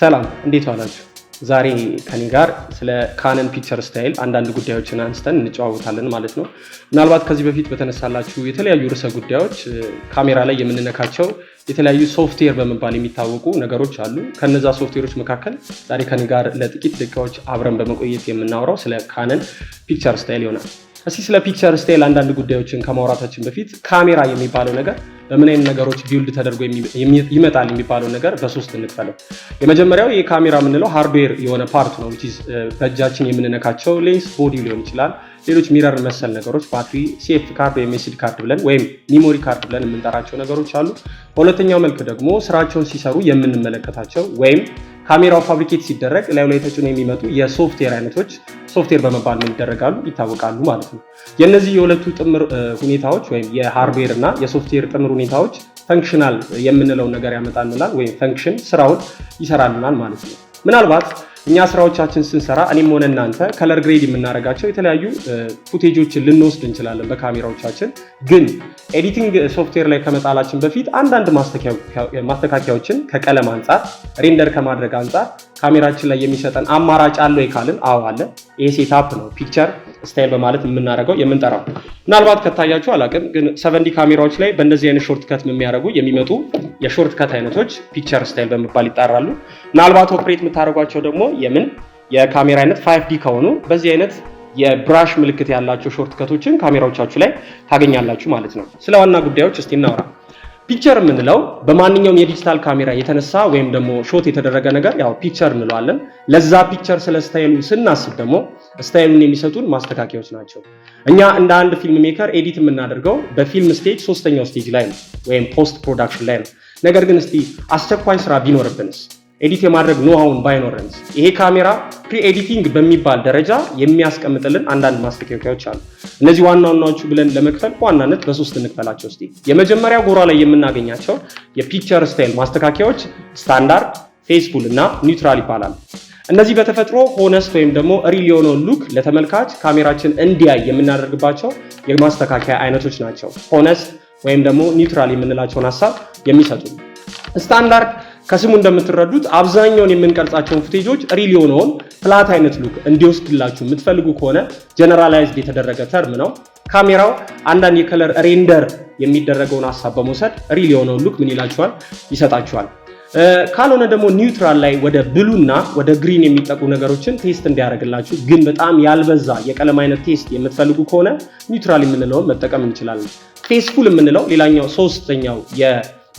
ሰላም እንዴት ዋላችሁ? ዛሬ ከኔ ጋር ስለ ካነን ፒክቸር ስታይል አንዳንድ ጉዳዮችን አንስተን እንጨዋወታለን ማለት ነው። ምናልባት ከዚህ በፊት በተነሳላችሁ የተለያዩ ርዕሰ ጉዳዮች ካሜራ ላይ የምንነካቸው የተለያዩ ሶፍትዌር በመባል የሚታወቁ ነገሮች አሉ። ከነዛ ሶፍትዌሮች መካከል ዛሬ ከኔ ጋር ለጥቂት ደቂቃዎች አብረን በመቆየት የምናወራው ስለ ካነን ፒክቸር ስታይል ይሆናል። እስኪ ስለ ፒክቸር ስታይል አንዳንድ ጉዳዮችን ከማውራታችን በፊት ካሜራ የሚባለው ነገር በምን አይነት ነገሮች ቢውልድ ተደርጎ ይመጣል የሚባለው ነገር በሶስት እንፈለው። የመጀመሪያው ይህ ካሜራ የምንለው ሃርድዌር የሆነ ፓርት ነው። uh, በእጃችን የምንነካቸው ሌንስ ቦዲ ሊሆን ይችላል፣ ሌሎች ሚረር መሰል ነገሮች፣ ባትሪ፣ ሴፍ ካርድ ወይም ኤስዲ ካርድ ብለን ወይም ሚሞሪ ካርድ ብለን የምንጠራቸው ነገሮች አሉ። በሁለተኛው መልክ ደግሞ ስራቸውን ሲሰሩ የምንመለከታቸው ወይም ካሜራው ፋብሪኬት ሲደረግ ላዩ ላይ ተጭኖ የሚመጡ የሶፍትዌር አይነቶች ሶፍትዌር በመባል ነው ይደረጋሉ ይታወቃሉ ማለት ነው። የእነዚህ የሁለቱ ጥምር ሁኔታዎች ወይም የሃርድዌር እና የሶፍትዌር ጥምር ሁኔታዎች ፈንክሽናል የምንለው ነገር ያመጣልናል ወይም ፈንክሽን ስራውን ይሰራልናል ማለት ነው ምናልባት እኛ ስራዎቻችን ስንሰራ እኔም ሆነ እናንተ ከለር ግሬድ የምናደርጋቸው የተለያዩ ፉቴጆችን ልንወስድ እንችላለን በካሜራዎቻችን። ግን ኤዲቲንግ ሶፍትዌር ላይ ከመጣላችን በፊት አንዳንድ ማስተካከያዎችን ከቀለም አንጻር ሬንደር ከማድረግ አንጻር ካሜራችን ላይ የሚሰጠን አማራጭ አለ ካልን፣ አዎ አለ። ይሄ ሴታፕ ነው ፒክቸር ስታይል በማለት የምናደርገው የምንጠራው ምናልባት ከታያችሁ አላቅም፣ ግን ሰቨንዲ ካሜራዎች ላይ በእንደዚህ አይነት ሾርት ከት የሚያደርጉ የሚመጡ የሾርት ከት አይነቶች ፒክቸር ስታይል በመባል ይጣራሉ። ምናልባት ኦፕሬት የምታደርጓቸው ደግሞ የምን የካሜራ አይነት ፋይቭ ዲ ከሆኑ በዚህ አይነት የብራሽ ምልክት ያላቸው ሾርት ከቶችን ካሜራዎቻችሁ ላይ ታገኛላችሁ ማለት ነው። ስለ ዋና ጉዳዮች እስቲ እናውራ። ፒክቸር የምንለው በማንኛውም የዲጂታል ካሜራ የተነሳ ወይም ደግሞ ሾት የተደረገ ነገር ያው ፒክቸር እንለዋለን። ለዛ ፒክቸር ስለ ስታይሉ ስናስብ ደግሞ ስታይሉን የሚሰጡን ማስተካከያዎች ናቸው። እኛ እንደ አንድ ፊልም ሜከር ኤዲት የምናደርገው በፊልም ስቴጅ ሶስተኛው ስቴጅ ላይ ነው፣ ወይም ፖስት ፕሮዳክሽን ላይ ነው። ነገር ግን እስቲ አስቸኳይ ስራ ቢኖርብንስ ኤዲት የማድረግ ኖሃውን ባይኖረንስ ይሄ ካሜራ ፕሪ ኤዲቲንግ በሚባል ደረጃ የሚያስቀምጥልን አንዳንድ ማስተካከያዎች አሉ። እነዚህ ዋና ዋናዎቹ ብለን ለመክፈል በዋናነት በሶስት እንክፈላቸው እስቲ። የመጀመሪያ ጎራ ላይ የምናገኛቸው የፒክቸር ስታይል ማስተካከያዎች ስታንዳርድ፣ ፌስፉል እና ኒውትራል ይባላል። እነዚህ በተፈጥሮ ሆነስት ወይም ደግሞ ሪል የሆነውን ሉክ ለተመልካች ካሜራችን እንዲያይ የምናደርግባቸው የማስተካከያ አይነቶች ናቸው። ሆነስት ወይም ደግሞ ኒውትራል የምንላቸውን ሀሳብ የሚሰጡ ስታንዳርድ ከስሙ እንደምትረዱት አብዛኛውን የምንቀርጻቸውን ፉቴጆች ሪል የሆነውን ፍላት አይነት ሉክ እንዲወስድላችሁ የምትፈልጉ ከሆነ ጀነራላይዝድ የተደረገ ተርም ነው። ካሜራው አንዳንድ የከለር ሬንደር የሚደረገውን ሀሳብ በመውሰድ ሪል የሆነውን ሉክ ምን ይላችኋል? ይሰጣችኋል። ካልሆነ ደግሞ ኒውትራል ላይ ወደ ብሉና ወደ ግሪን የሚጠቁ ነገሮችን ቴስት እንዲያደርግላችሁ፣ ግን በጣም ያልበዛ የቀለም አይነት ቴስት የምትፈልጉ ከሆነ ኒውትራል የምንለውን መጠቀም እንችላለን። ፌስፉል የምንለው ሌላኛው ሶስተኛው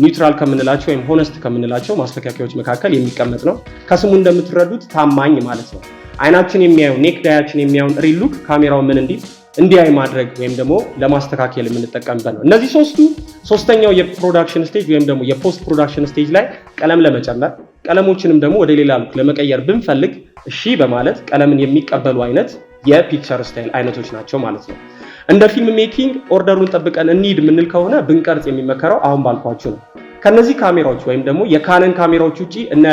ኒውትራል ከምንላቸው ወይም ሆነስት ከምንላቸው ማስተካከያዎች መካከል የሚቀመጥ ነው። ከስሙ እንደምትረዱት ታማኝ ማለት ነው። አይናችን የሚያየውን ኔክ ዳያችን የሚያየውን ሪል ሉክ ካሜራው ምን እንዲል እንዲያይ ማድረግ ወይም ደግሞ ለማስተካከል የምንጠቀምበት ነው። እነዚህ ሶስቱ ሶስተኛው የፕሮዳክሽን ስቴጅ ወይም ደግሞ የፖስት ፕሮዳክሽን ስቴጅ ላይ ቀለም ለመጨመር ቀለሞችንም ደግሞ ወደ ሌላ ሉክ ለመቀየር ብንፈልግ እሺ በማለት ቀለምን የሚቀበሉ አይነት የፒክቸር ስታይል አይነቶች ናቸው ማለት ነው። እንደ ፊልም ሜኪንግ ኦርደሩን ጠብቀን እንሂድ ምንል ከሆነ ብንቀርጽ የሚመከረው አሁን ባልኳችሁ ነው። ከነዚህ ካሜራዎች ወይም ደግሞ የካነን ካሜራዎች ውጪ እነ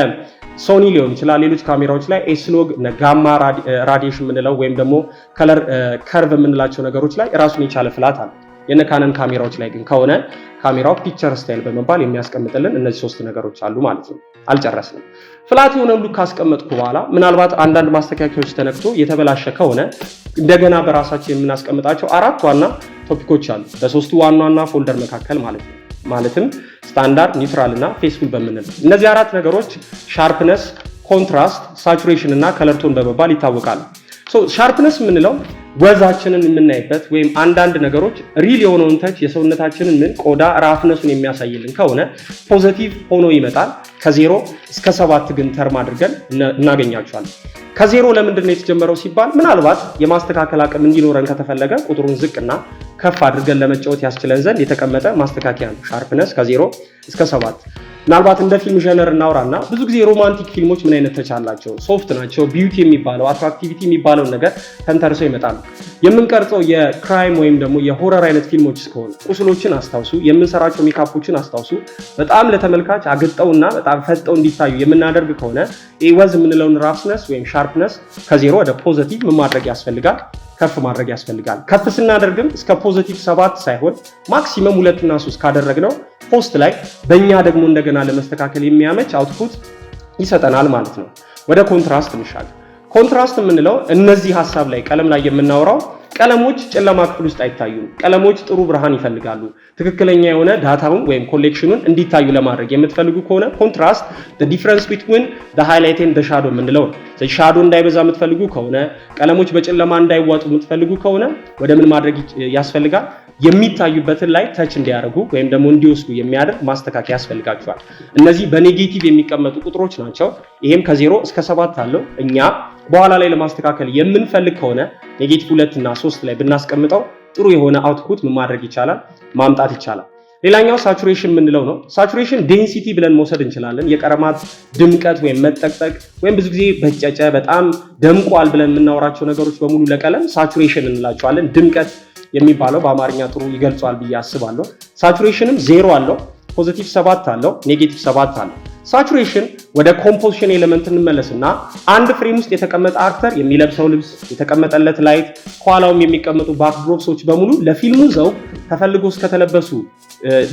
ሶኒ ሊሆን ይችላል ሌሎች ካሜራዎች ላይ ኤስሎግ ጋማ ራዲሽን የምንለው ወይም ደግሞ ከለር ከርቭ የምንላቸው ነገሮች ላይ ራሱን የቻለ ፍላት አለ። ካነን ካሜራዎች ላይ ግን ከሆነ ካሜራው ፒክቸር ስታይል በመባል የሚያስቀምጥልን እነዚህ ሶስት ነገሮች አሉ ማለት ነው። አልጨረስንም። ፍላት የሆነ ሉክ ካስቀመጥኩ በኋላ ምናልባት አንዳንድ ማስተካከያዎች ተነክቶ የተበላሸ ከሆነ እንደገና በራሳችን የምናስቀምጣቸው አራት ዋና ቶፒኮች አሉ፣ በሶስቱ ዋና ዋና ፎልደር መካከል ማለት ነው። ማለትም ስታንዳርድ፣ ኒውትራል እና ፌስፉል በምንል እነዚህ አራት ነገሮች ሻርፕነስ፣ ኮንትራስት፣ ሳቹሬሽን እና ከለርቶን በመባል ይታወቃሉ። ሻርፕነስ የምንለው ወዛችንን የምናይበት ወይም አንዳንድ ነገሮች ሪል የሆነውን ተች የሰውነታችንን ምን ቆዳ ራፍነሱን የሚያሳይልን ከሆነ ፖዘቲቭ ሆኖ ይመጣል። ከዜሮ እስከ ሰባት ግን ተርም አድርገን እናገኛቸዋለን። ከዜሮ ለምንድን ነው የተጀመረው ሲባል ምናልባት የማስተካከል አቅም እንዲኖረን ከተፈለገ ቁጥሩን ዝቅና ከፍ አድርገን ለመጫወት ያስችለን ዘንድ የተቀመጠ ማስተካከያ ነው። ሻርፕነስ ከዜሮ እስከ ሰባት ምናልባት እንደ ፊልም ጀነር እናውራና ብዙ ጊዜ ሮማንቲክ ፊልሞች ምን አይነት ተቻላቸው ሶፍት ናቸው። ቢዩቲ የሚባለው አትራክቲቪቲ የሚባለውን ነገር ተንተርሰው ይመጣሉ። የምንቀርጸው የክራይም ወይም ደግሞ የሆረር አይነት ፊልሞች እስከሆኑ ቁስሎችን አስታውሱ፣ የምንሰራቸው ሜካፖችን አስታውሱ። በጣም ለተመልካች አግጠውና በጣም ፈጠው እንዲታዩ የምናደርግ ከሆነ ወዝ የምንለውን ራፍነስ ወይም ሻርፕነስ ከዜሮ ወደ ፖዘቲቭ ምን ማድረግ ያስፈልጋል? ከፍ ማድረግ ያስፈልጋል። ከፍ ስናደርግም እስከ ፖዘቲቭ ሰባት ሳይሆን ማክሲመም ሁለትና ሶስት ካደረግነው ፖስት ላይ በእኛ ደግሞ እንደገና ለመስተካከል የሚያመች አውትፑት ይሰጠናል ማለት ነው። ወደ ኮንትራስት እንሻገር። ኮንትራስት የምንለው እነዚህ ሀሳብ ላይ ቀለም ላይ የምናወራው ቀለሞች ጨለማ ክፍል ውስጥ አይታዩም። ቀለሞች ጥሩ ብርሃን ይፈልጋሉ። ትክክለኛ የሆነ ዳታውን ወይም ኮሌክሽኑን እንዲታዩ ለማድረግ የምትፈልጉ ከሆነ ኮንትራስት ዲፍረንስ ቢትዊን ሃይላይቴን ሻዶ የምንለው ሻዶ እንዳይበዛ የምትፈልጉ ከሆነ ቀለሞች በጨለማ እንዳይዋጡ የምትፈልጉ ከሆነ ወደ ምን ማድረግ ያስፈልጋል? የሚታዩበትን ላይ ተች እንዲያደርጉ ወይም ደግሞ እንዲወስዱ የሚያደርግ ማስተካከያ ያስፈልጋቸዋል። እነዚህ በኔጌቲቭ የሚቀመጡ ቁጥሮች ናቸው። ይሄም ከዜሮ እስከ ሰባት አለው እኛ በኋላ ላይ ለማስተካከል የምንፈልግ ከሆነ ኔጌቲቭ ሁለት እና ሶስት ላይ ብናስቀምጠው ጥሩ የሆነ አውትፑት ምን ማድረግ ይቻላል ማምጣት ይቻላል። ሌላኛው ሳቹሬሽን የምንለው ነው። ሳቹሬሽን ዴንሲቲ ብለን መውሰድ እንችላለን። የቀለማት ድምቀት ወይም መጠቅጠቅ ወይም ብዙ ጊዜ በጨጨ በጣም ደምቋል ብለን የምናወራቸው ነገሮች በሙሉ ለቀለም ሳቹሬሽን እንላቸዋለን። ድምቀት የሚባለው በአማርኛ ጥሩ ይገልጿል ብዬ አስባለሁ። ሳቹሬሽንም ዜሮ አለው፣ ፖዚቲቭ ሰባት አለው፣ ኔጌቲቭ ሰባት አለው። ሳቹሬሽን ወደ ኮምፖዚሽን ኤሌመንት እንመለስና አንድ ፍሬም ውስጥ የተቀመጠ አክተር የሚለብሰው ልብስ፣ የተቀመጠለት ላይት፣ ከኋላውም የሚቀመጡ ባክድሮፕሶች በሙሉ ለፊልሙ ዘውግ ተፈልጎ እስከተለበሱ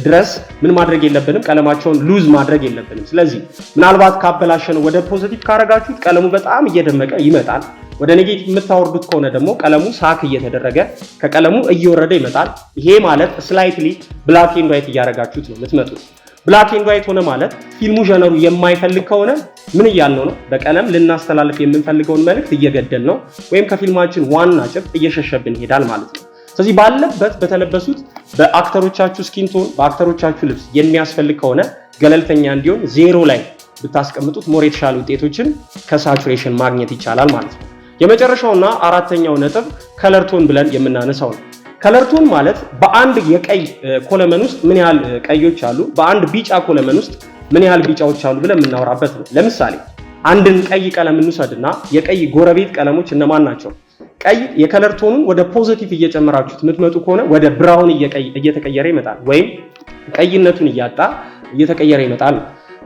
ድረስ ምን ማድረግ የለብንም፣ ቀለማቸውን ሉዝ ማድረግ የለብንም። ስለዚህ ምናልባት ካበላሸን ወደ ፖዘቲቭ ካረጋችሁት ቀለሙ በጣም እየደመቀ ይመጣል። ወደ ኔጌቲቭ የምታወርዱት ከሆነ ደግሞ ቀለሙ ሳክ እየተደረገ ከቀለሙ እየወረደ ይመጣል። ይሄ ማለት ስላይትሊ ብላክ ኤንድ ዋይት እያረጋችሁት ነው የምትመጡት። ብላክ ኤንድ ዋይት ሆነ ማለት ፊልሙ ጀነሩ የማይፈልግ ከሆነ ምን እያልነው ነው? በቀለም ልናስተላልፍ የምንፈልገውን መልእክት እየገደል ነው ወይም ከፊልማችን ዋና ጭብጥ እየሸሸብን ይሄዳል ማለት ነው። ስለዚህ ባለበት በተለበሱት በአክተሮቻችሁ ስኪንቶን በአክተሮቻችሁ ልብስ የሚያስፈልግ ከሆነ ገለልተኛ እንዲሆን ዜሮ ላይ ብታስቀምጡት ሞር የተሻለ ውጤቶችን ከሳቹሬሽን ማግኘት ይቻላል ማለት ነው። የመጨረሻውና አራተኛው ነጥብ ከለርቶን ብለን የምናነሳው ነው። ከለር ማለት በአንድ የቀይ ኮለመን ውስጥ ምን ያህል ቀዮች አሉ፣ በአንድ ቢጫ ኮለመን ውስጥ ምን ያህል ቢጫዎች አሉ ብለን የምናወራበት ነው። ለምሳሌ አንድን ቀይ ቀለም እንውሰድና የቀይ ጎረቤት ቀለሞች እነማን ናቸው? ቀይ የከለር ቶኑን ወደ ፖዘቲቭ እየጨመራችሁት የምትመጡ ከሆነ ወደ ብራውን እየተቀየረ ይመጣል፣ ወይም ቀይነቱን እያጣ እየተቀየረ ይመጣል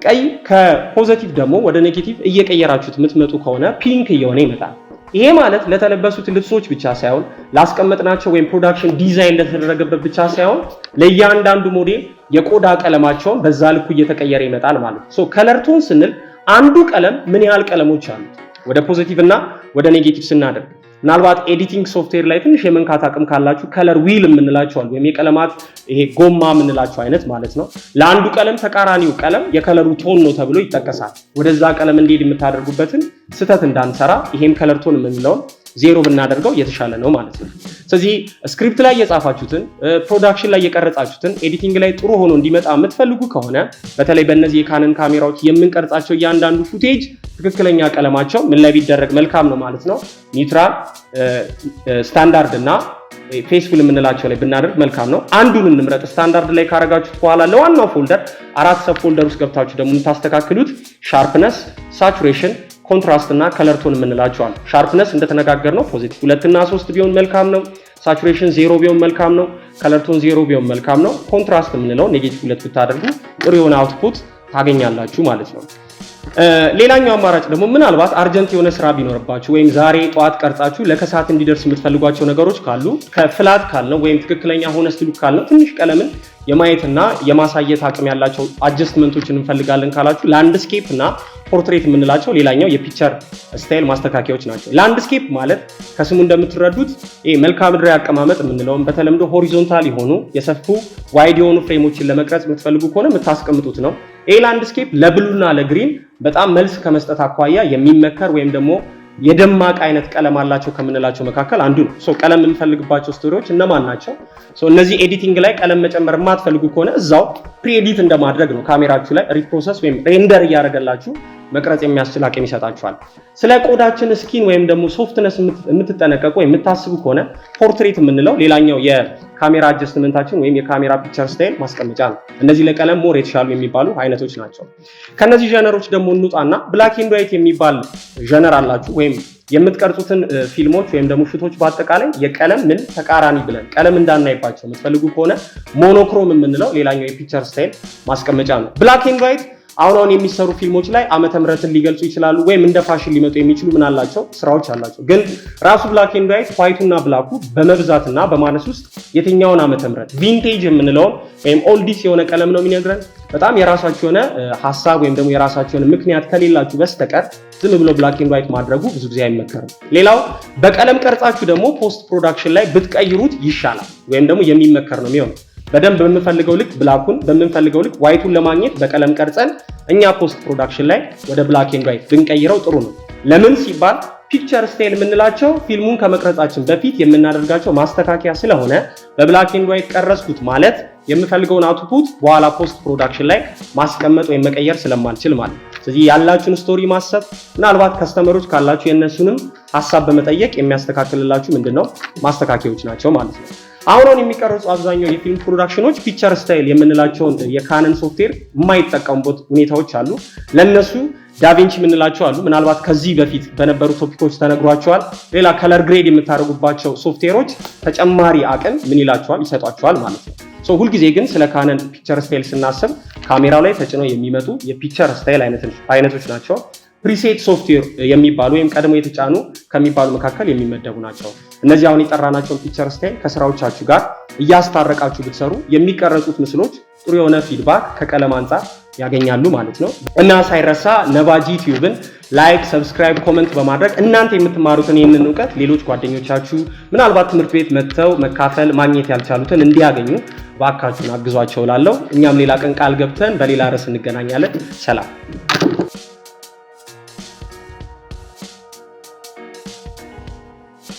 ቀይ ከፖዘቲቭ ደግሞ ወደ ኔጌቲቭ እየቀየራችሁት የምትመጡ ከሆነ ፒንክ እየሆነ ይመጣል። ይሄ ማለት ለተለበሱት ልብሶች ብቻ ሳይሆን ላስቀመጥናቸው ወይም ፕሮዳክሽን ዲዛይን ለተደረገበት ብቻ ሳይሆን ለእያንዳንዱ ሞዴል የቆዳ ቀለማቸውን በዛ ልኩ እየተቀየረ ይመጣል ማለት ነው። ከለርቱን ስንል አንዱ ቀለም ምን ያህል ቀለሞች አሉት ወደ ፖዚቲቭ እና ወደ ኔጌቲቭ ስናደርግ ምናልባት ኤዲቲንግ ሶፍትዌር ላይ ትንሽ የመንካት አቅም ካላችሁ ከለር ዊል የምንላቸዋል ወይም የቀለማት ይሄ ጎማ የምንላቸው አይነት ማለት ነው። ለአንዱ ቀለም ተቃራኒው ቀለም የከለሩ ቶን ነው ተብሎ ይጠቀሳል። ወደዛ ቀለም እንዲሄድ የምታደርጉበትን ስህተት እንዳንሰራ ይሄም ከለር ቶን የምንለውን ዜሮ ብናደርገው የተሻለ ነው ማለት ነው። ስለዚህ ስክሪፕት ላይ የጻፋችሁትን ፕሮዳክሽን ላይ የቀረጻችሁትን ኤዲቲንግ ላይ ጥሩ ሆኖ እንዲመጣ የምትፈልጉ ከሆነ በተለይ በእነዚህ የካነን ካሜራዎች የምንቀርጻቸው እያንዳንዱ ፉቴጅ ትክክለኛ ቀለማቸው ምን ላይ ቢደረግ መልካም ነው ማለት ነው። ኒውትራል፣ ስታንዳርድ እና ፌስፉል የምንላቸው ላይ ብናደርግ መልካም ነው። አንዱን እንምረጥ። ስታንዳርድ ላይ ካረጋችሁት በኋላ ለዋናው ፎልደር አራት ሰብ ፎልደር ውስጥ ገብታችሁ ደግሞ የምታስተካክሉት ሻርፕነስ፣ ሳቹሬሽን ኮንትራስት እና ከለር ቶን የምንላቸዋል። ሻርፕነስ እንደተነጋገር ነው ፖዚቲቭ ሁለትና ሶስት ቢሆን መልካም ነው። ሳቹሬሽን ዜሮ ቢሆን መልካም ነው። ከለር ቶን ዜሮ ቢሆን መልካም ነው። ኮንትራስት የምንለው ኔጌቲቭ ሁለት ብታደርጉ ጥሩ የሆነ አውትፑት ታገኛላችሁ ማለት ነው። ሌላኛው አማራጭ ደግሞ ምናልባት አርጀንት የሆነ ስራ ቢኖርባችሁ ወይም ዛሬ ጠዋት ቀርጻችሁ ለከሰዓት እንዲደርስ የምትፈልጓቸው ነገሮች ካሉ ከፍላት ካልነው ወይም ትክክለኛ ሆነ ስትሉክ ካልነው ትንሽ ቀለምን የማየትና የማሳየት አቅም ያላቸው አጀስትመንቶችን እንፈልጋለን ካላችሁ ላንድስኬፕ እና ፖርትሬት የምንላቸው ሌላኛው የፒክቸር ስታይል ማስተካከያዎች ናቸው። ላንድስኬፕ ማለት ከስሙ እንደምትረዱት ይሄ መልክዓ ምድራዊ አቀማመጥ የምንለውም በተለምዶ ሆሪዞንታል የሆኑ የሰፉ ዋይድ የሆኑ ፍሬሞችን ለመቅረጽ የምትፈልጉ ከሆነ የምታስቀምጡት ነው። ይሄ ላንድስኬፕ ለብሉና ለግሪን በጣም መልስ ከመስጠት አኳያ የሚመከር ወይም ደግሞ የደማቅ አይነት ቀለም አላቸው ከምንላቸው መካከል አንዱ ነው። ቀለም የምንፈልግባቸው ስቶሪዎች እነማን ናቸው? እነዚህ ኤዲቲንግ ላይ ቀለም መጨመር የማትፈልጉ ከሆነ እዛው ፕሪ ኤዲት እንደማድረግ ነው። ካሜራችሁ ላይ ሪፕሮሰስ ወይም ሬንደር እያደረገላችሁ መቅረጽ የሚያስችል አቅም ይሰጣችኋል። ስለ ቆዳችን ስኪን ወይም ደግሞ ሶፍትነስ የምትጠነቀቁ ወይም የምታስቡ ከሆነ ፖርትሬት የምንለው ሌላኛው የካሜራ አጀስትመንታችን ወይም የካሜራ ፒክቸር ስታይል ማስቀመጫ ነው። እነዚህ ለቀለም ሞር የተሻሉ የሚባሉ አይነቶች ናቸው። ከነዚህ ጀነሮች ደግሞ እንውጣና ብላክ ኤንድ ዋይት የሚባል ጀነር አላችሁ ወይም የምትቀርጹትን ፊልሞች ወይም ደግሞ ሽቶች በአጠቃላይ የቀለም ምን ተቃራኒ ብለን ቀለም እንዳናይባቸው የምትፈልጉ ከሆነ ሞኖክሮም የምንለው ሌላኛው የፒክቸር ስታይል ማስቀመጫ ነው። ብላክ ኤንድ ዋይት አሁን አሁን የሚሰሩ ፊልሞች ላይ ዓመተ ምሕረትን ሊገልጹ ይችላሉ፣ ወይም እንደ ፋሽን ሊመጡ የሚችሉ ምን አላቸው ስራዎች አላቸው። ግን ራሱ ብላክ ኤንድ ዋይት ዋይቱና ብላኩ በመብዛትና በማነስ ውስጥ የትኛውን ዓመተ ምሕረት ቪንቴጅ የምንለውን ወይም ኦልዲስ የሆነ ቀለም ነው የሚነግረን። በጣም የራሳቸው የሆነ ሀሳብ ወይም ደግሞ የራሳቸው የሆነ ምክንያት ከሌላችሁ በስተቀር ዝም ብሎ ብላክ ኤንድ ዋይት ማድረጉ ብዙ ጊዜ አይመከርም። ሌላው በቀለም ቀርጻችሁ ደግሞ ፖስት ፕሮዳክሽን ላይ ብትቀይሩት ይሻላል ወይም ደግሞ የሚመከር ነው የሚሆነው በደንብ በምንፈልገው ልክ ብላኩን በምንፈልገው ልክ ዋይቱን ለማግኘት በቀለም ቀርጸን እኛ ፖስት ፕሮዳክሽን ላይ ወደ ብላክ ኤንድ ዋይት ብንቀይረው ጥሩ ነው። ለምን ሲባል ፒክቸር ስቴል የምንላቸው ፊልሙን ከመቅረጻችን በፊት የምናደርጋቸው ማስተካከያ ስለሆነ በብላክ ኤንድ ዋይት ቀረጽኩት ማለት የምፈልገውን አውትፑት በኋላ ፖስት ፕሮዳክሽን ላይ ማስቀመጥ ወይም መቀየር ስለማልችል ማለት ነው። ስለዚህ ያላችሁን ስቶሪ ማሰብ ምናልባት ከስተመሮች ካላችሁ የእነሱንም ሀሳብ በመጠየቅ የሚያስተካክልላችሁ ምንድን ነው ማስተካከያዎች ናቸው ማለት ነው። አሁን የሚቀረጹ አብዛኛው የፊልም ፕሮዳክሽኖች ፒክቸር ስታይል የምንላቸውን የካነን ሶፍትዌር የማይጠቀሙበት ሁኔታዎች አሉ። ለነሱ ዳቪንቺ የምንላቸው አሉ። ምናልባት ከዚህ በፊት በነበሩ ቶፒኮች ተነግሯቸዋል። ሌላ ከለር ግሬድ የምታደርጉባቸው ሶፍትዌሮች ተጨማሪ አቅም ምን ይላቸዋል ይሰጧቸዋል ማለት ነው። ሶ ሁልጊዜ ግን ስለ ካነን ፒክቸር ስታይል ስናስብ ካሜራው ላይ ተጭነው የሚመጡ የፒክቸር ስታይል አይነቶች ናቸው። ፕሪሴት ሶፍትዌር የሚባሉ ወይም ቀድሞ የተጫኑ ከሚባሉ መካከል የሚመደቡ ናቸው። እነዚህ አሁን የጠራናቸውን ፒክቸር ስታይል ከስራዎቻችሁ ጋር እያስታረቃችሁ ብትሰሩ የሚቀረጹት ምስሎች ጥሩ የሆነ ፊድባክ ከቀለም አንጻር ያገኛሉ ማለት ነው። እና ሳይረሳ ነባጂ ቲዩብን ላይክ፣ ሰብስክራይብ፣ ኮመንት በማድረግ እናንተ የምትማሩትን ይህንን እውቀት ሌሎች ጓደኞቻችሁ ምናልባት ትምህርት ቤት መጥተው መካፈል ማግኘት ያልቻሉትን እንዲያገኙ ባካችሁን አግዟቸው ላለው እኛም ሌላ ቀን ቃል ገብተን በሌላ ርዕስ እንገናኛለን። ሰላም